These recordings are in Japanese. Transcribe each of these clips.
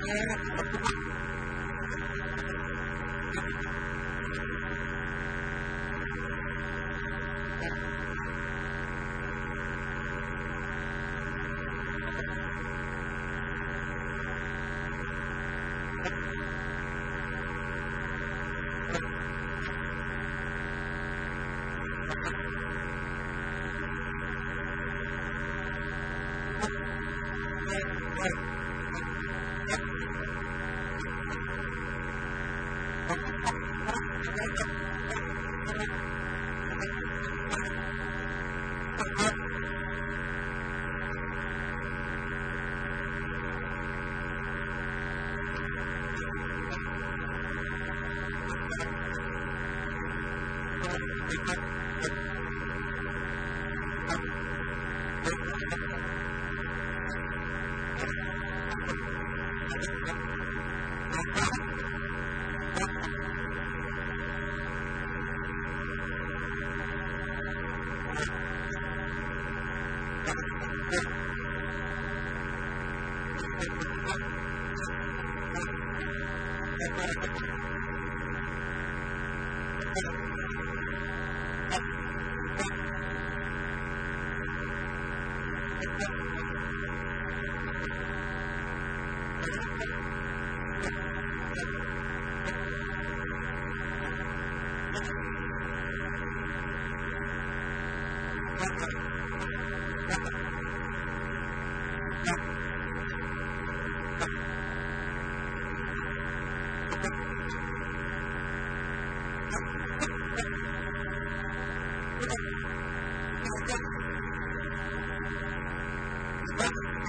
Thank you.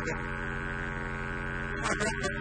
Thank you.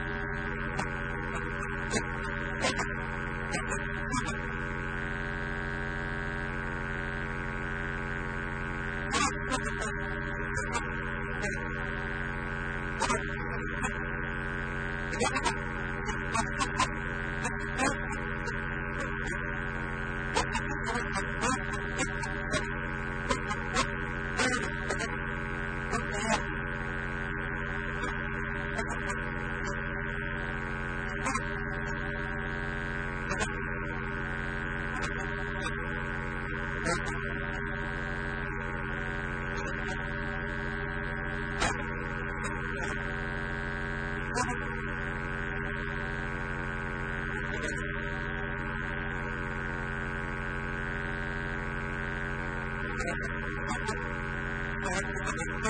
Yeah. Thank you.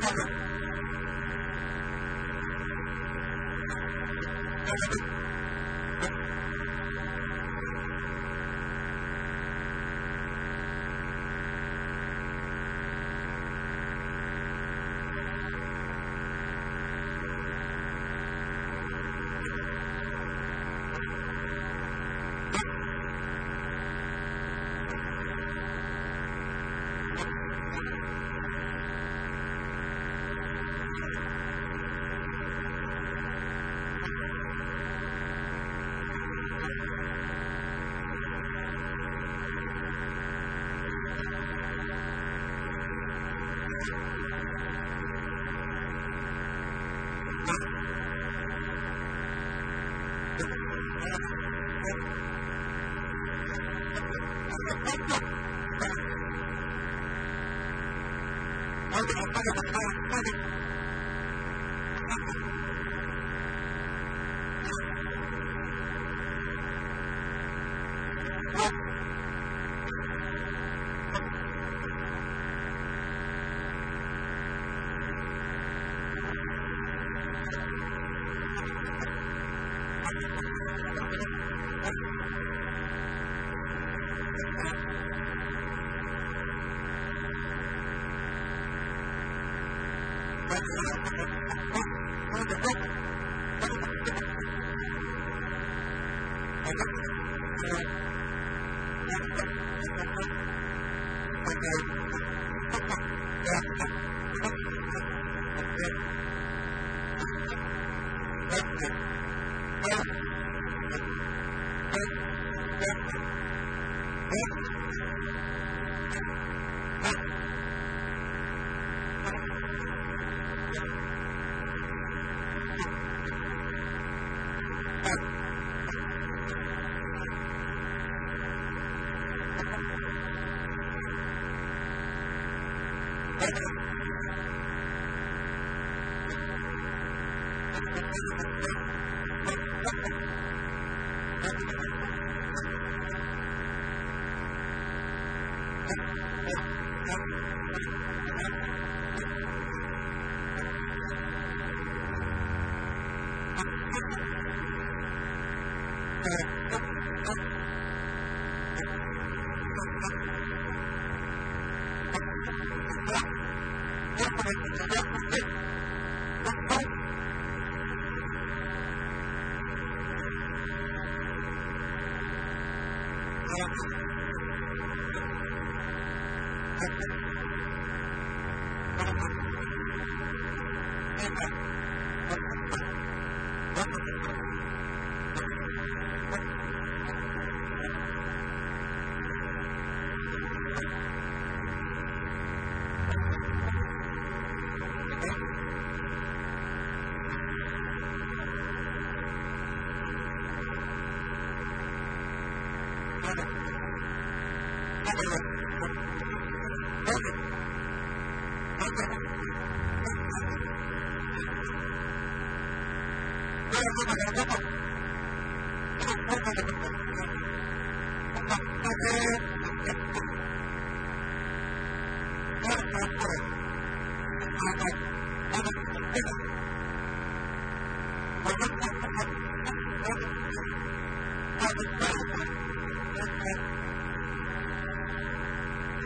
Thank you. なんかやっぱりそれ Thank you.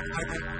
I, I,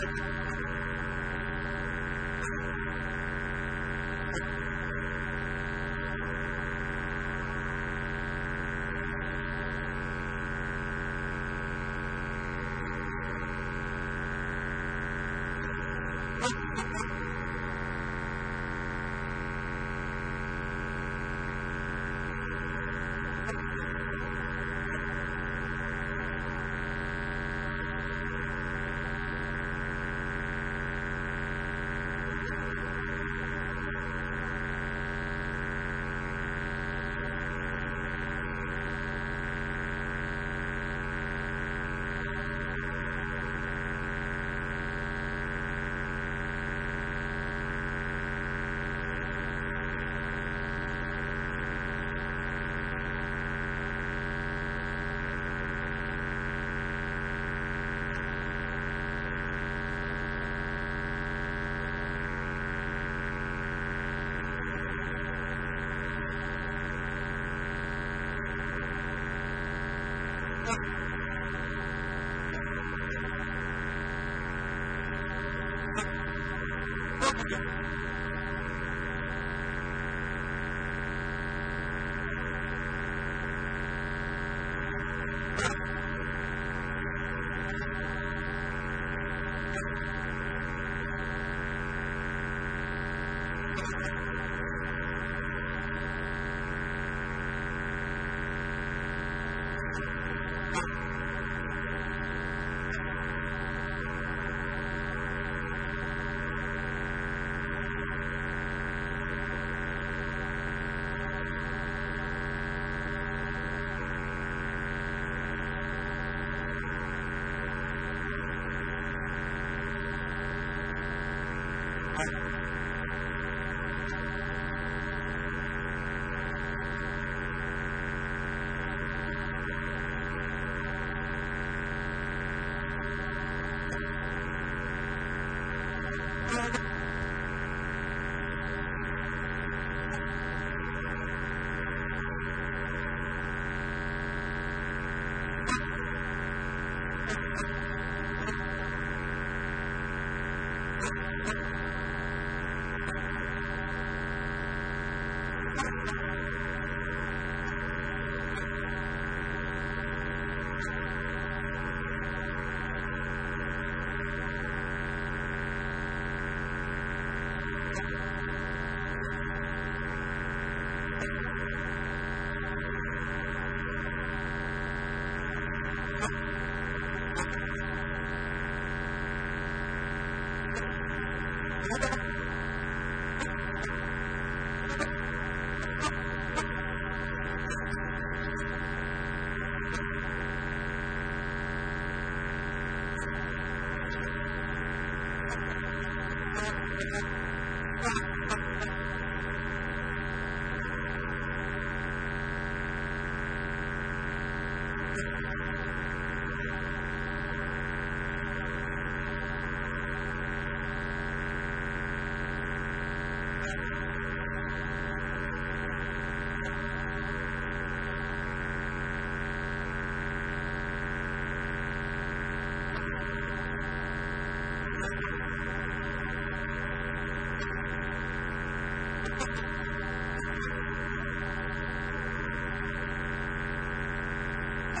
Thank you.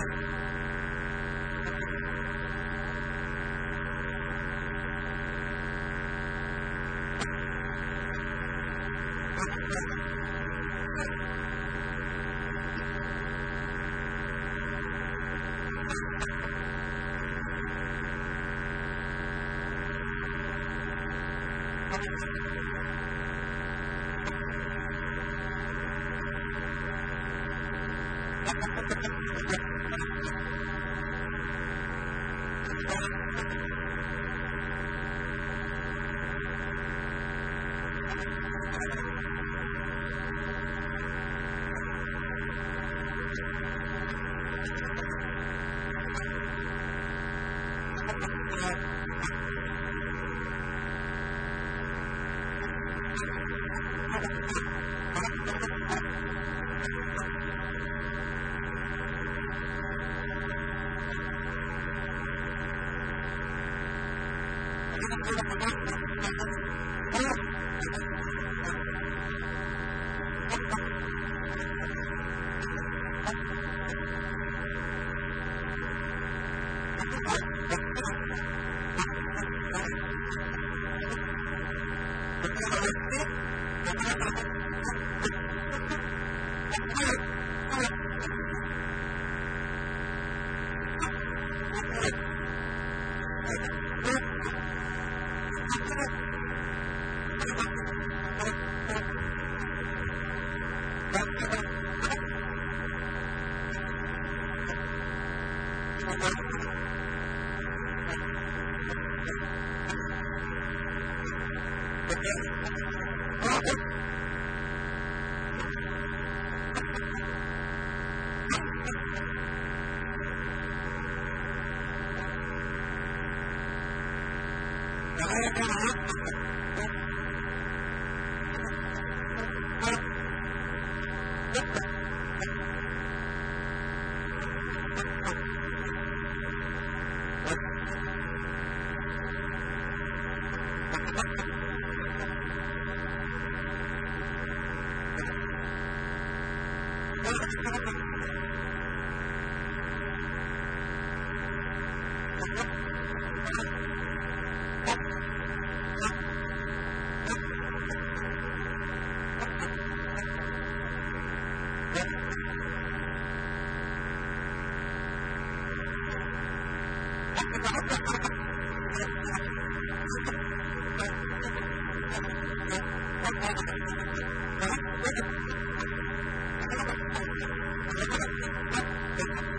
Thank you. Thank you. なかなか Thank you.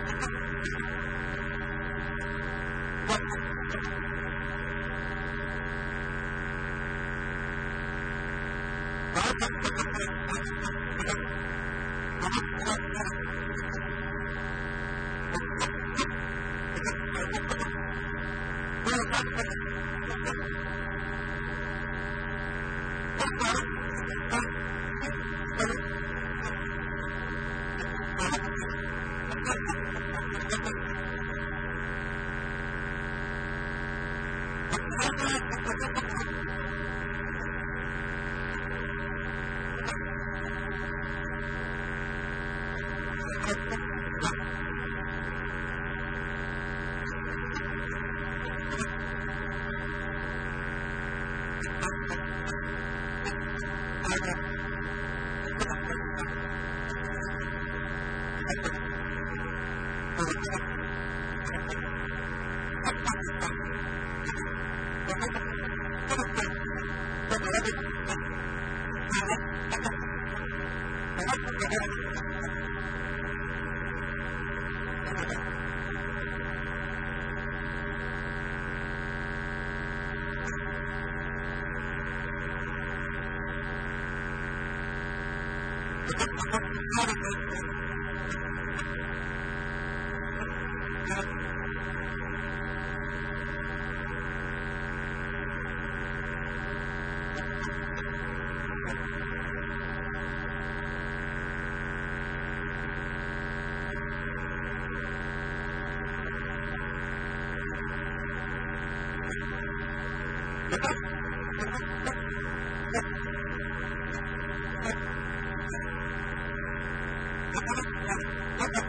Thank you.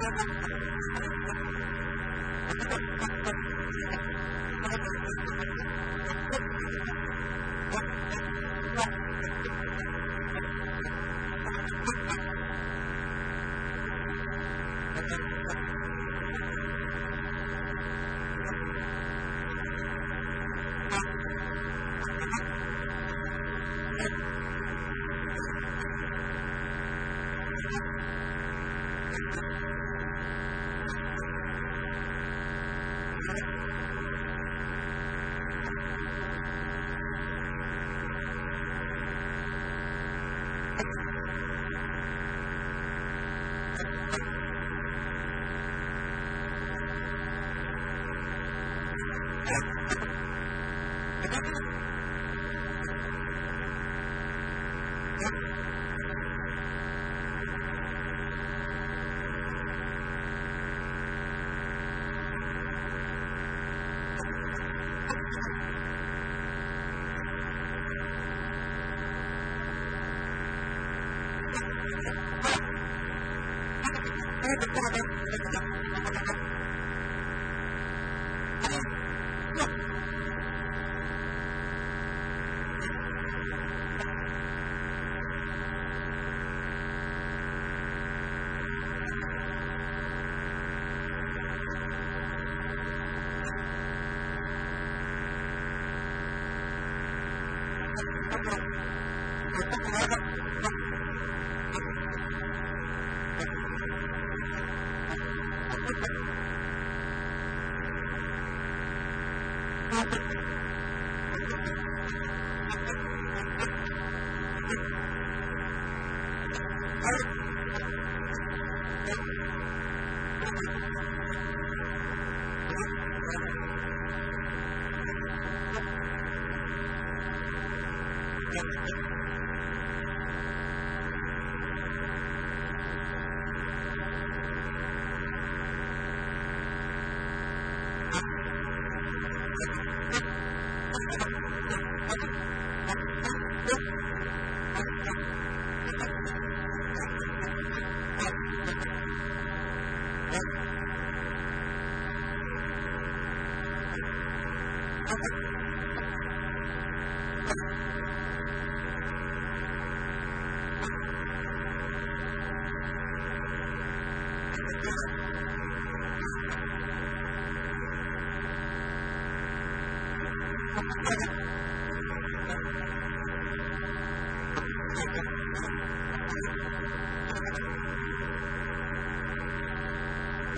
Thank you. ハハハハ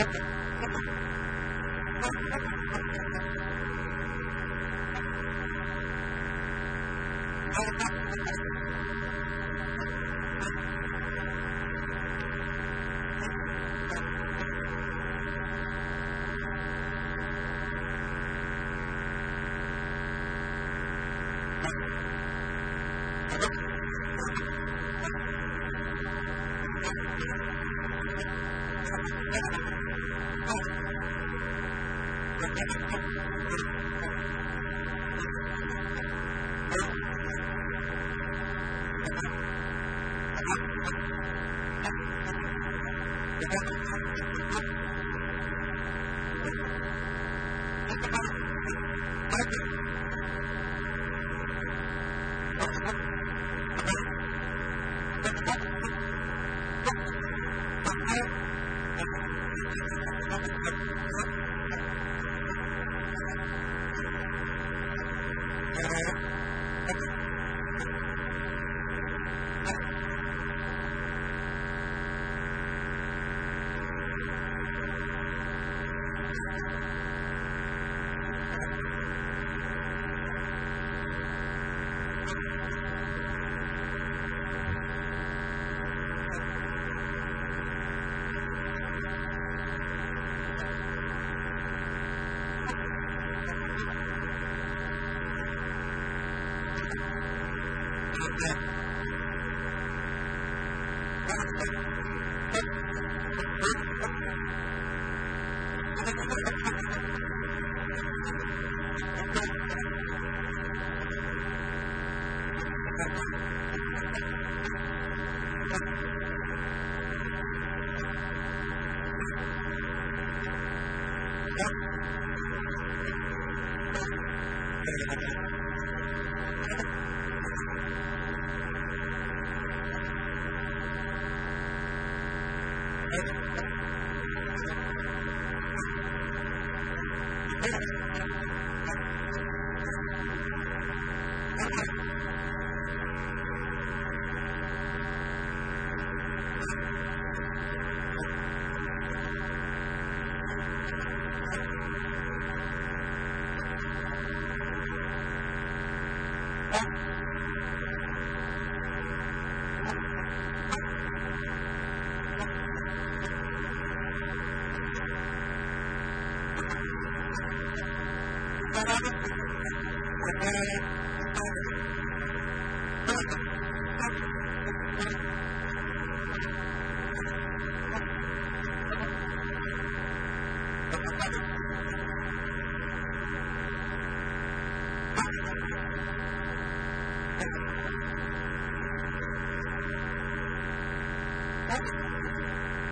Thank you.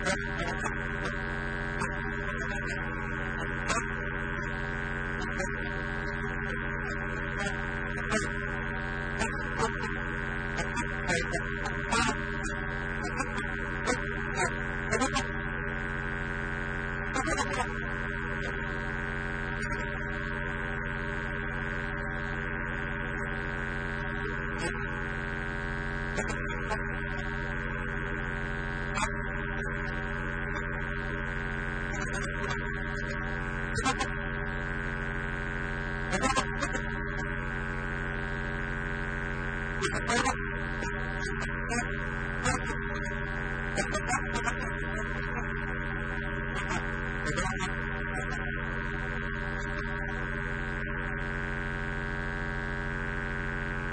Thank you.